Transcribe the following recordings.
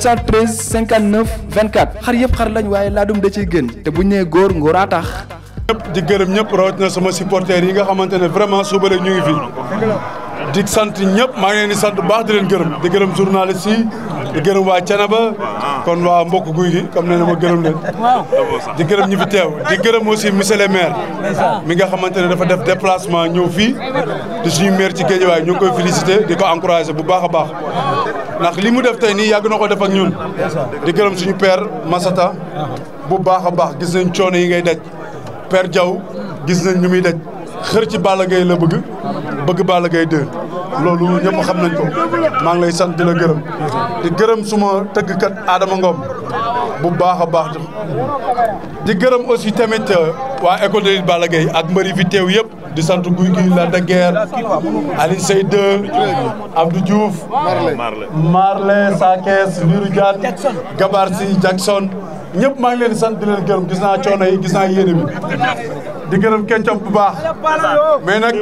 713 59 24 xar yëpp xar lañ waaye laa laadum da ciy gën te bu ñëwee nee góor tax. ñëpp di gërëm ñëpp rawatina sama supporters yi nga xamante ne vraiment suba la ñu ngi fi di sant ñëpp maa ngi leen di sant baax di leen gërëm di gërëm journaliste yi di gërëm waa Canaba kon waa mbokk guy gi comme ne na ma gërëm leen di gërëm ñi fi teew di gërëm aussi monsieur le maire mi nga xamante ne dafa def déplacement ñëw fii di suñu maire ci Guédiawaye ñu ngi koy félicité di ko encouragé bu baax a baax ndax li mu def tey ni yàgg na ko def ak ñun di gërëm suñu père Masata bu baax a baax gis nañ coono yi ngay daj per Diaw gis nañ ñu muy daj xër ci Balla Gaye la bëgg bëgg baala Gaye dë loolu ñëpp xam nañ ko maa ngi lay sant di la gërëm di gërëm suma tëggkat Adama Ngom bu baax a baax di gërëm aussi tamit euh, waa école de lutte Balla Gaye ak mbëri fi teew yëpp di sant guy Gui Lac de Guiers Alioune Seye 2 Abdou Diouf Marley Sakes Lirou Diane Gabar Sy Jackson ñëpp maa ngi leen di sant di leen gërëm gis naa coono yi gis naa yéene bi di gërëm keccam bu baax mais nag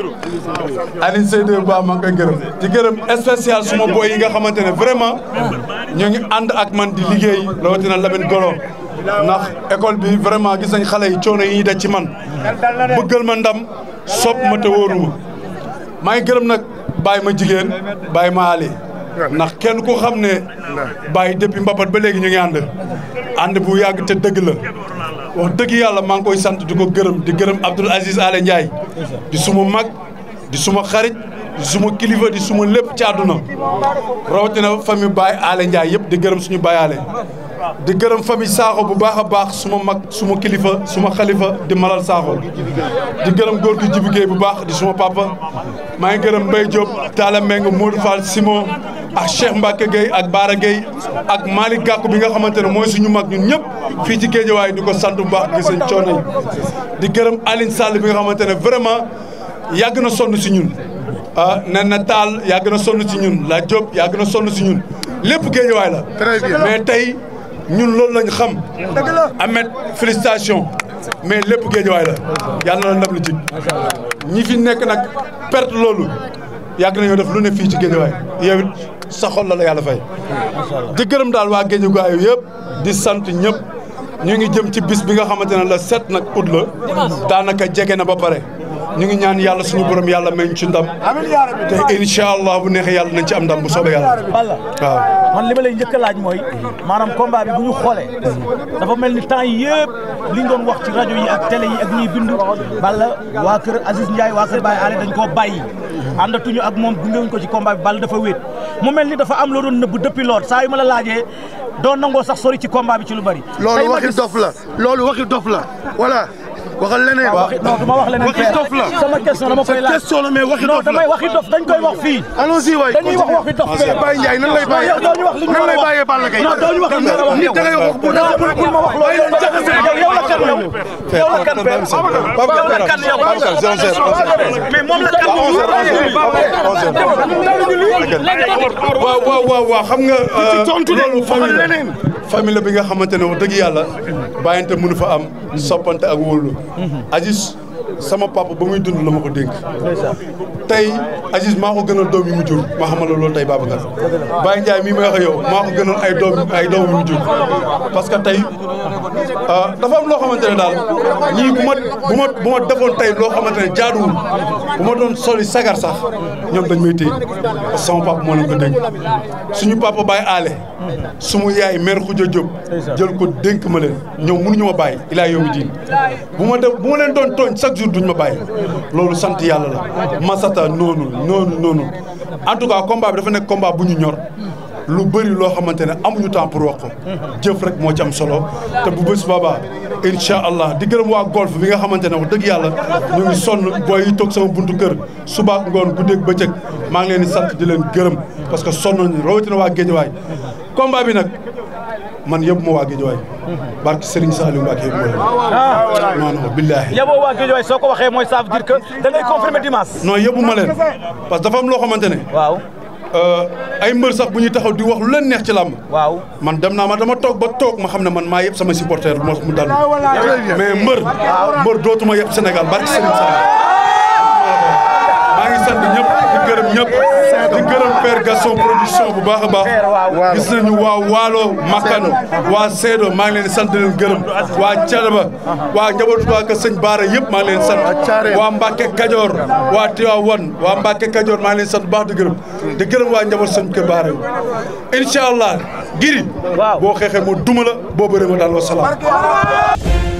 Alioune Seydou Ba baax ngi koy gërëm di gërëm spécial suma boy yi nga xamante ne vraiment ñoo ngi ànd ak man di liggéey rawatina labin Golo ndax école bi vraiment gis nañ xale yi coono yi ñuy daj ci man bëggal ma ndam sopp ma te wóoruma maa ngi gërëm nag bàyyi ma jigéen bàyyi ma aale ndax kenn ku xam ne bàyyi depuis mbapat ba léegi ñu ngi ànd ànd bu yàgg te dëgg la wax dëgg yàlla maa ngi sant di ko gërëm di gërëm Abdoul Aziz Alé Ndiaye di suma mag di suma xarit di suma kilifa di suma lépp ci àdduna rawatina famille Baye Alé Ndiaye yëpp di gërëm suñu Baye Alé di gërëm famille Sakho bu baax a baax suma mag suma kilifa suma xalifa di malal Sakho di gërëm góor gi jibigéey bu baax di suma papa maa ngi gërëm Mbaye Diop Talla Meng Modou Fall Simon ak Cheikh Mbacke Gueye ak Baara Gueye ak Malick Gakou bi nga xamante ne mooy si suñu mag ñun ñëpp fii ci Guédiawaye di ko sant bu baax gi seen coono di gërëm Aline Sall bi nga xamante ne vraiment yàgg na sonn si ñun ah, nen na taal gën a sonn si ñun la Diop yàgg na sonn si ñun lépp Guédiawaye ñun loolu lañ xam. dëgg la Ahmed félicitation. mais lépp géejawaay la. yàlla na ndam li ci. ñi fi nekk nag perte loolu yàgg nañoo def lu ne fii ci géejawaay yow it sa xol la la yàlla fay. di gërëm daal waa géejawaay yëpp di sant ñëpp ñu ngi jëm ci bis bi nga xamante ne la set nag ut la daanaka jege na ba pare. ñu ngi ñaan yàlla suñu borom yàlla may ñu ci ndam. amiin yaa te incha bu neexee yàlla nañ ci am ndam bu soobee yàlla. walla waaw man li ma lay njëkk a laaj mooy. maanam combat bi bu ñu xoolee. dafa mel ni temps yi yëpp li ñu doon wax ci rajo yi ak télé yi ak ñuy bind. Balla waa kër Aziz Ndiaye waa kër Baye Allé dañ koo bàyyi. àndatuñu ak moom gungewuñ ko ci combat bi Balla dafa wéet mu mel ni dafa am loo doon nëbb depuis lool saa yu ma la laajee doo nangoo sax sori ci combat bi ci lu bari. loolu waxi dof la loolu waxi dof la waxal leneen non du ma wax leneen waxi dof la sama question dama koy laaj question la mais waxi dof la non damay waxi dof dañ koy wax fii allons-y waay dañuy wax waxi dof Baye Ndiaye nan lay bàyyee nan lay bàyyee Balla Gaye non doo ñu wax li ñu wax nit da ngay wax bu da ma wax loolu yow la kan yow yow la kan la kan yow mais moom la kan waaw waaw waaw xam nga ci tontu euh, loolu leneen famille la bi nga xamante ne wax dëgg yàlla bàyyante mënu fa am soppante ak wóolu mhm. Aziz sama papa ba muy dund la ma ko dénk tey Aziz maa ko gënal doom yi mu jur ma xamal la loolu tey Babacar Baye Ndiaye mii may wax yow maa ko gënal ay doom ay doom yi mu jur parce que tey ah, dafa am loo xamante ne daal ñii bu ma bu ma bu defoon tey loo xamante ne jaaduwul bu ma doon soli sagar sax ñoom dañ may téye parce que sama papa moo leen ko dénk suñu papa Baye Allé sumu yaay mère Khoudia Diop jël ko dénk ma leen ñoom mënuñu ma bàyyi ilaa yow diin bu ma def bu ma leen doon tooñ chaque jour duñu ma bàyyi loolu yàlla ça noonu noonu noonu en tout cas combat bi dafa nekk combat bu ñu ñor lu bëri loo xamante ne amuñu temps pour wax ko jëf rek moo ci solo te bu bés baba incha allah di gërëm waa golf bi nga xamante ne wax dëgg yàlla ñu ngi sonn booy yi toog sama buntu kër subaak ngoon guddeeg bëccëg maa ngi leen di sant di leen gërëm parce que sonn nañu rawatina waa Géejawaay combat bi nag. man yóbbu ma waa Guédiawaye barke Serigne Saliou Mbacké yóbbu ma non non billaahi yóbbu waa Guédiawaye soo ko waxee mooy ça veut dire que da ngay confirmer dimanche non yóbbu leen parce que dafa am loo xamante ne waaw euh, ay mbër sax bu ñu taxaw di wax lu neex ci làmb waaw man dem naa ma dama toog ba toog ma xam ne man maa yëpp sama supporter moo mu dal mais mbër mbër dootuma yëpp senegal barke Serigne Saliou ah. maa ngi sant ñëpp di gërëm ñëpp di gërëm Père Gaston production bu baax a baax. gis nañu waa Waalo Makkan waa Seedo maa ngi leen sant di gërëm waa Thiénaba waa njabootu waa Kër Sëñ Baara yëpp maa ngi leen sant waa Mbacke Kajoor waa Tivaouane waa Mbacke Kajoor maa ngi leen sant baax di gërëm di gërëm waa njaboot Sëñ Kër Baara yi incha giri boo xeexee ma duma la boo bëree ma daal